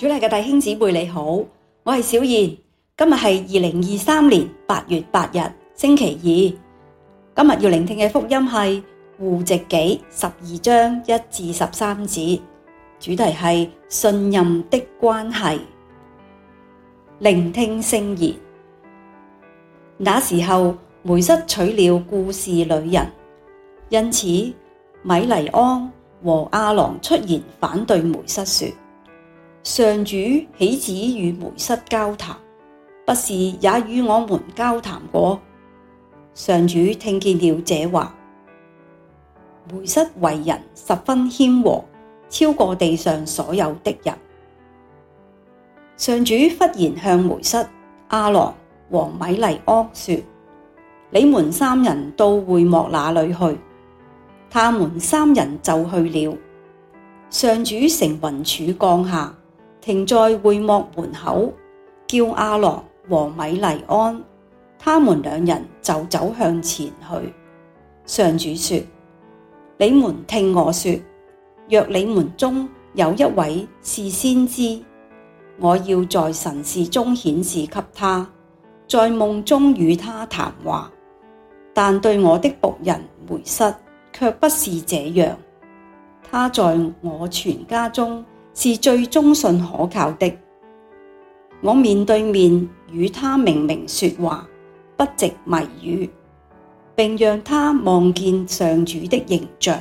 主內嘅弟兄姊妹你好，我係小燕，今日係二零二三年八月八日星期二，今日要聆聽嘅福音係戶籍紀十二章一至十三節，主題係信任的關係。聆聽聖言，那時候梅瑟娶了雇士女人，因此米黎盎和亞郎出言反對梅瑟說上主豈只與梅瑟交談，不是也與我們交談過！上主聽見了這話，梅瑟為人十分謙和，超過地上所有的人。上主忽然向梅瑟、亞郎和米黎盎說：你們三人到會幕那裏去。他們三人就去了。上主乘雲柱降下。停在會幕門口，叫亞郎和米黎盎，他們兩人就走向前去。上主說：你們聽我說，若你們中有一位是先知，我要在神視中顯示給他，在夢中與他談話，但對我的僕人梅瑟卻不是這樣，他在我全家中是最忠信可靠的。我面對面與他明明說話，不藉謎語，並讓他望見上主的形像。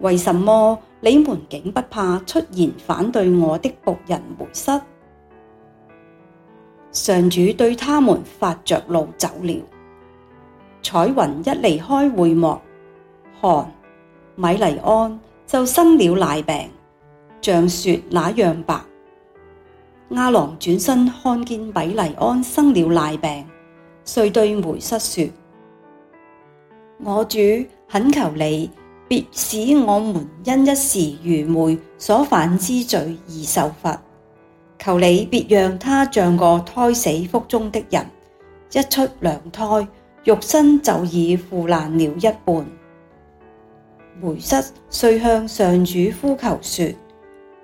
為什麼你們竟不怕出言反對我的僕人梅瑟？上主對他們發着怒走了。彩雲一離開會幕，看，米黎盎就生了癩病。像雪那樣白。亞郎轉身看見米黎盎生了癩病，遂對梅瑟說：我主懇求你，別使我們因一時愚昧所犯之罪而受罰，求你別讓他像個胎死腹中的人，一出娘胎，肉身就已腐爛了一半。梅瑟遂向上主呼求說。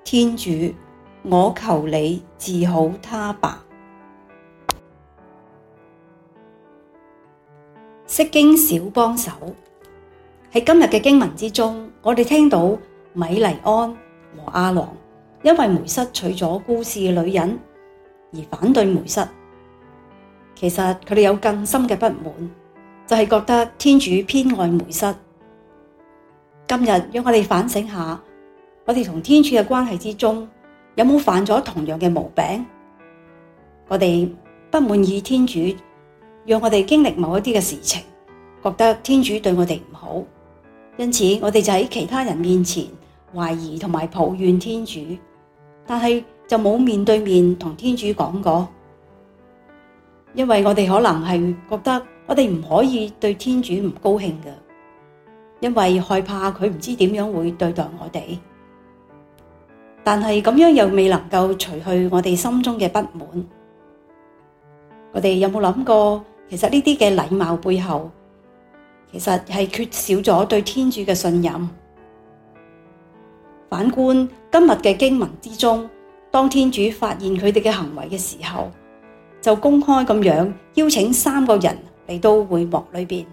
天主，我求你治好他吧。釋經小幫手喺今日嘅經文之中，我哋聽到米黎盎和亞郎因為梅瑟娶咗雇士嘅女人而反對梅瑟。其實佢哋有更深嘅不滿，就係覺得天主偏愛梅瑟。今日讓我哋反省下。我哋同天主嘅關係之中，有冇犯咗同樣嘅毛病？我哋不滿意天主，讓我哋經歷某一啲嘅事情，覺得天主對我哋唔好，因此我哋就喺其他人面前懷疑同埋抱怨天主，但係就冇面對面同天主講過，因為我哋可能係覺得我哋唔可以對天主唔高興嘅，因為害怕佢唔知點樣會對待我哋。但係咁樣又未能夠除去我哋心中嘅不滿。我哋有冇諗過？其實呢啲嘅禮貌背後，其實係缺少咗對天主嘅信任。反觀今日嘅經文之中，當天主發現佢哋嘅行為嘅時候，就公開咁樣邀請三個人嚟到會幕裏面，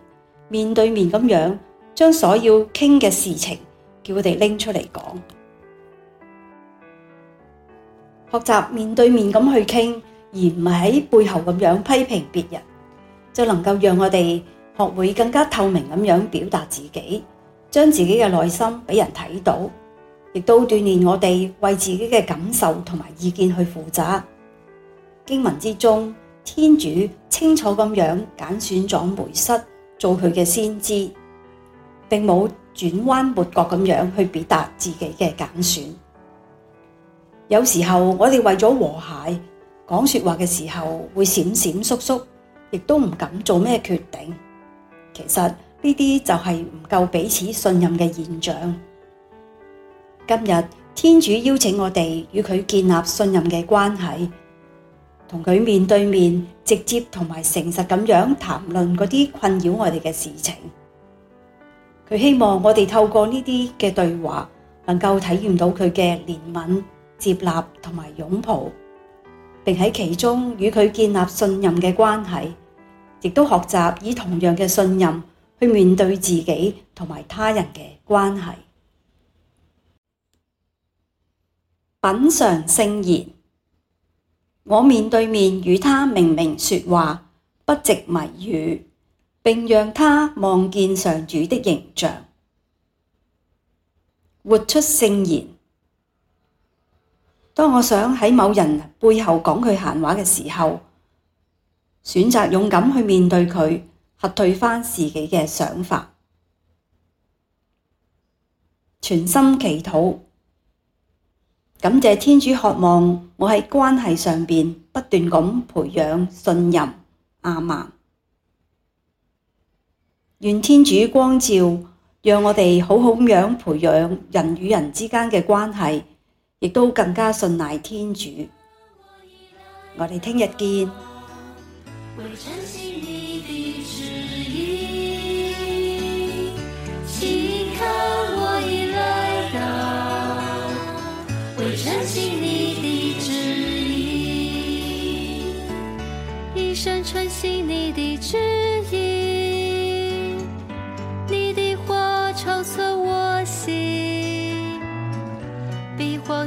面對面咁樣將所要傾嘅事情，叫佢哋拎出嚟講。學習面對面咁去傾，而唔係喺背後咁樣批評別人，就能夠讓我哋學會更加透明咁樣表達自己，將自己嘅內心俾人睇到，亦都鍛煉我哋為自己嘅感受同埋意見去負責。經文之中，天主清楚咁樣揀選咗梅瑟做佢嘅先知，並冇轉彎抹角咁樣去表達自己嘅揀選。有時候，我哋為咗和諧，講說話嘅時候會閃閃縮縮，亦都唔敢做咩決定。其實呢啲就係唔夠彼此信任嘅現象。今日，天主邀請我哋與佢建立信任嘅關係，同佢面對面，直接同埋誠實咁樣談論嗰啲困擾我哋嘅事情。佢希望我哋透過呢啲嘅對話，能夠體驗到佢嘅憐憫。接納同埋擁抱，並喺其中與佢建立信任嘅關係，亦都學習以同樣嘅信任去面對自己同埋他人嘅關係。品嘗聖言，我面對面與他明明說話，不藉謎語，並讓他望見上主的形象，活出聖言。當我想喺某人背後講佢閒話嘅時候，選擇勇敢去面對佢，核對返自己嘅想法。全心祈禱，感謝天主，渴望我喺關係上邊不斷咁培養信任阿們。啊，願天主光照，讓我哋好好咁樣培養人與人之間嘅關係。亦都更加信賴天主，我哋聽日見。